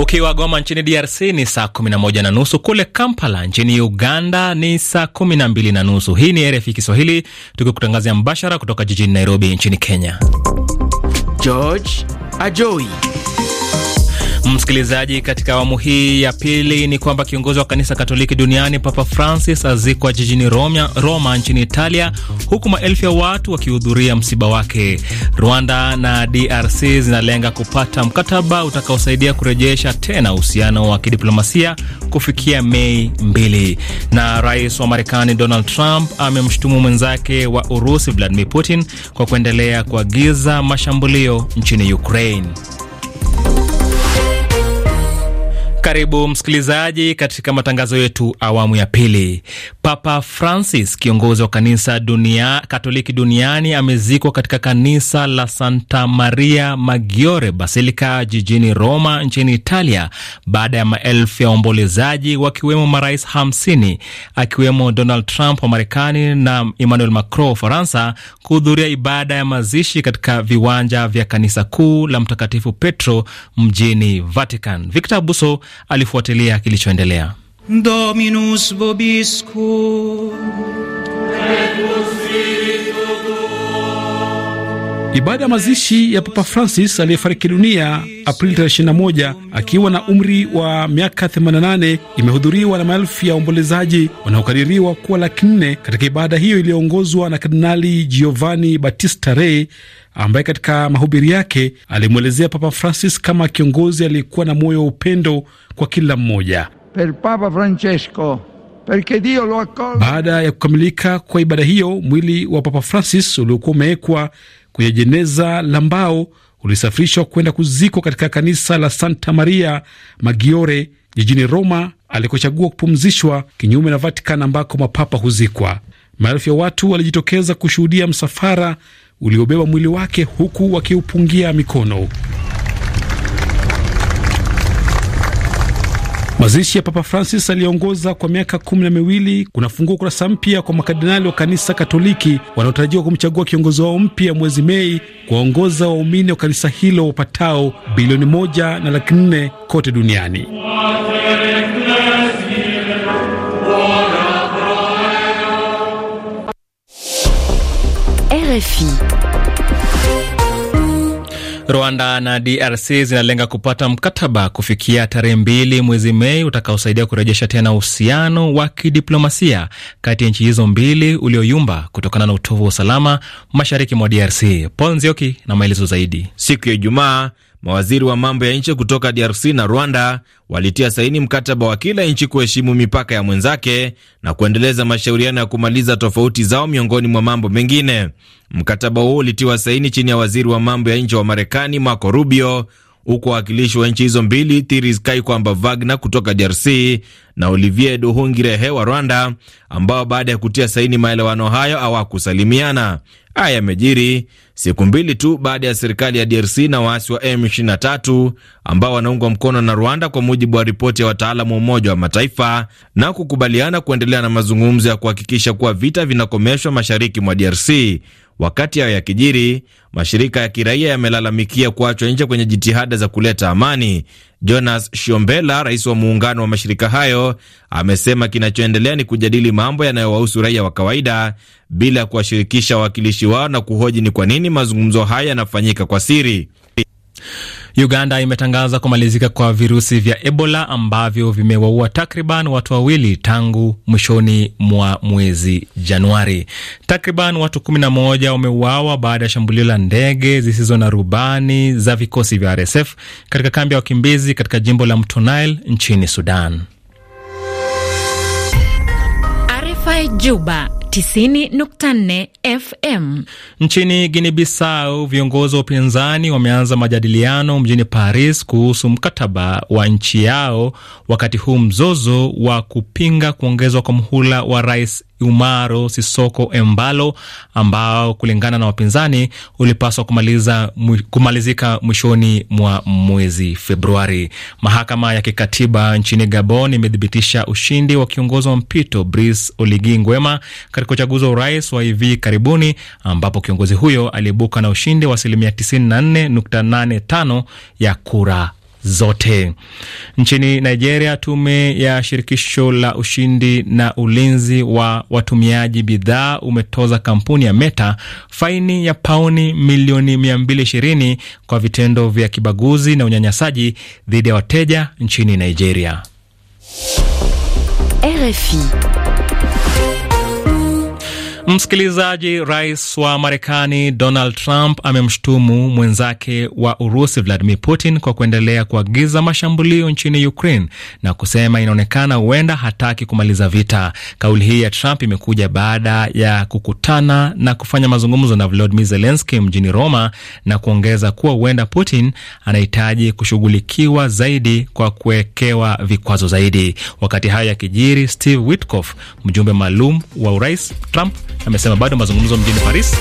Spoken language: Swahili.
Ukiwa Goma nchini DRC ni saa 11 na nusu, kule Kampala nchini Uganda ni saa 12 na nusu. Hii ni RFI Kiswahili tukikutangazia mbashara kutoka jijini Nairobi nchini Kenya. George Ajoi Msikilizaji, katika awamu hii ya pili ni kwamba kiongozi wa kanisa Katoliki duniani Papa Francis azikwa jijini Roma, Roma nchini Italia, huku maelfu ya watu wakihudhuria msiba wake. Rwanda na DRC zinalenga kupata mkataba utakaosaidia kurejesha tena uhusiano wa kidiplomasia kufikia Mei mbili. Na rais wa Marekani Donald Trump amemshutumu mwenzake wa Urusi Vladimir Putin kwa kuendelea kuagiza mashambulio nchini Ukraine. Karibu msikilizaji katika matangazo yetu awamu ya pili. Papa Francis, kiongozi wa kanisa dunia, Katoliki duniani, amezikwa katika kanisa la Santa Maria Maggiore Basilica jijini Roma nchini Italia baada ya maelfu ya waombolezaji wakiwemo marais 50 akiwemo Donald Trump wa Marekani na Emmanuel Macron wa Ufaransa kuhudhuria ibada ya mazishi katika viwanja vya kanisa kuu la Mtakatifu Petro mjini Vatican. Victor Buso alifuatilia kilichoendelea. Dominus Et Ibada ya mazishi ya Papa Francis aliyefariki dunia Aprili 21 akiwa na umri wa miaka 88 imehudhuriwa na maelfu ya waombolezaji wanaokadiriwa kuwa laki nne katika ibada hiyo iliyoongozwa na Kardinali Giovanni Battista Re ambaye katika mahubiri yake alimwelezea Papa Francis kama kiongozi aliyekuwa na moyo wa upendo kwa kila mmoja. Per Papa Francesco baada ya kukamilika kwa ibada hiyo, mwili wa Papa Francis uliokuwa umewekwa kwenye jeneza la mbao ulisafirishwa kwenda kuzikwa katika kanisa la Santa Maria Maggiore jijini Roma, alikochagua kupumzishwa, kinyume na Vatican ambako mapapa huzikwa. Maelfu ya watu walijitokeza kushuhudia msafara uliobeba mwili wake huku wakiupungia mikono. Mazishi ya Papa Francis aliyeongoza kwa miaka kumi na miwili kunafungua ukurasa mpya kwa makardinali wa kanisa Katoliki wanaotarajiwa kumchagua kiongozi wao mpya mwezi Mei kuwaongoza waumini wa kanisa hilo wapatao bilioni moja na laki nne kote duniani. RFI Rwanda na DRC zinalenga kupata mkataba kufikia tarehe mbili mwezi Mei utakaosaidia kurejesha tena uhusiano wa kidiplomasia kati ya nchi hizo mbili ulioyumba kutokana na utovu wa usalama mashariki mwa DRC. Paul Nzioki na maelezo zaidi. Siku ya Ijumaa Mawaziri wa mambo ya nje kutoka DRC na Rwanda walitia saini mkataba wa kila nchi kuheshimu mipaka ya mwenzake na kuendeleza mashauriano ya kumaliza tofauti zao, miongoni mwa mambo mengine. Mkataba huo ulitiwa saini chini ya waziri wa mambo ya nje wa Marekani Marco Rubio, huku wawakilishi wa nchi hizo mbili Thiris kwamba Vagna kutoka DRC na Olivier Nduhungirehe wa Rwanda, ambao baada ya kutia saini maelewano hayo hawakusalimiana. Haya yamejiri siku mbili tu baada ya serikali ya DRC na waasi wa M23 ambao wanaungwa mkono na Rwanda, kwa mujibu wa ripoti ya wataalamu wa Umoja wa Mataifa, na kukubaliana kuendelea na mazungumzo ya kuhakikisha kuwa vita vinakomeshwa mashariki mwa DRC. Wakati hayo yakijiri, mashirika ya kiraia yamelalamikia kuachwa nje kwenye jitihada za kuleta amani. Jonas Shombela, rais wa muungano wa mashirika hayo, amesema kinachoendelea ni kujadili mambo yanayowahusu raia wa kawaida bila kuwashirikisha wawakilishi wao na kuhoji ni kwa nini mazungumzo haya yanafanyika kwa siri. Uganda imetangaza kumalizika kwa virusi vya Ebola ambavyo vimewaua takriban watu wawili tangu mwishoni mwa mwezi Januari. Takriban watu 11 wameuawa baada ya shambulio la ndege zisizo na rubani za vikosi vya RSF katika kambi ya wakimbizi katika jimbo la Mto Nile nchini Sudan. RFI Juba 90.4 FM. Nchini Guinea Bissau, viongozi wa upinzani wameanza majadiliano mjini Paris kuhusu mkataba wa nchi yao, wakati huu mzozo wa kupinga kuongezwa kwa mhula wa Rais Umaro Sisoko Embalo ambao kulingana na wapinzani ulipaswa kumaliza, kumalizika mwishoni mwa mwezi Februari. Mahakama ya kikatiba nchini Gabon imethibitisha ushindi wa kiongozi wa mpito Brice Oligui Nguema katika uchaguzi wa urais wa hivi karibuni ambapo kiongozi huyo aliibuka na ushindi wa asilimia 94.85 ya kura zote. Nchini Nigeria, tume ya shirikisho la ushindi na ulinzi wa watumiaji bidhaa umetoza kampuni ya Meta faini ya pauni milioni 220 kwa vitendo vya kibaguzi na unyanyasaji dhidi ya wateja nchini Nigeria. RFI. Msikilizaji, rais wa Marekani Donald Trump amemshutumu mwenzake wa Urusi Vladimir Putin kwa kuendelea kuagiza mashambulio nchini Ukraine na kusema inaonekana huenda hataki kumaliza vita. Kauli hii ya Trump imekuja baada ya kukutana na kufanya mazungumzo na Volodymyr Zelensky mjini Roma na kuongeza kuwa huenda Putin anahitaji kushughulikiwa zaidi kwa kuwekewa vikwazo zaidi. Wakati hayo yakijiri, Steve Witkoff mjumbe maalum wa urais Trump amesema bado mazungumzo mjini Paris